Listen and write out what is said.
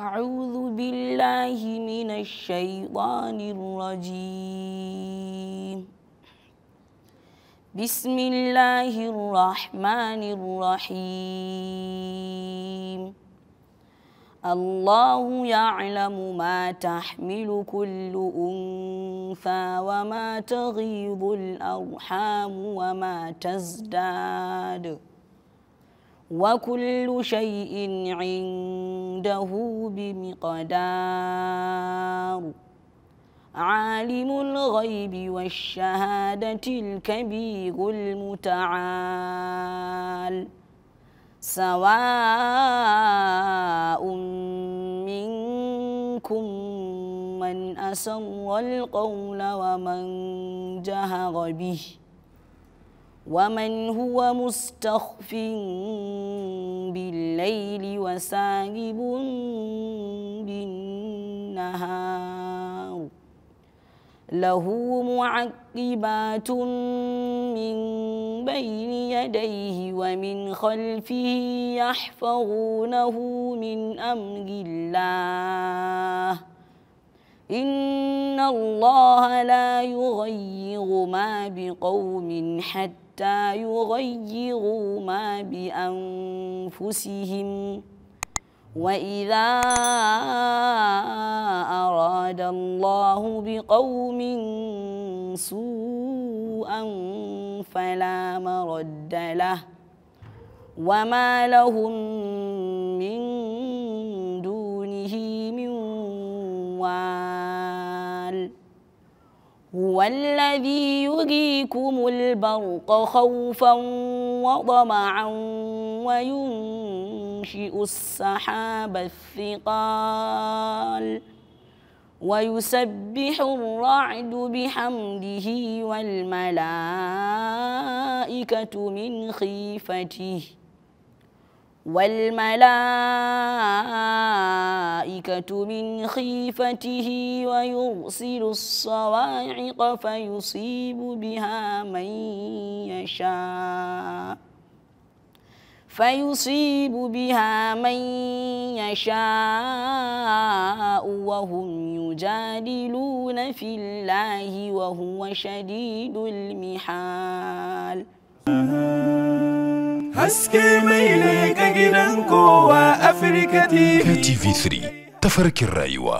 أعوذ بالله من الشيطان الرجيم بسم الله الرحمن الرحيم الله يعلم ما تحمل كل أنثى وما تغيض الأرحام وما تزداد وكل شيء عنده بمقدار عالم الغيب والشهادة الكبير المتعال سواء منكم من أسر القول ومن جهر به ومن هو مستخف بالليل وساهب بالنهار له معقبات من بين يديه ومن خلفه يحفظونه من أمر الله إن الله لا يغير ما بقوم حتى يغيروا ما بأنفسهم وإذا أراد الله بقوم سوءا فلا مرد له وما لهم من هو الذي يريكم البرق خوفا وطمعا وينشئ السحاب الثقال ويسبح الرعد بحمده والملائكة من خيفته والملائكة من خيفته ويرسل الصواعق فيصيب بها من يشاء فيصيب بها من يشاء وهم يجادلون في الله وهو شديد المحال gidan kowa Afirka TV. KTV3 tafarkin rayuwa.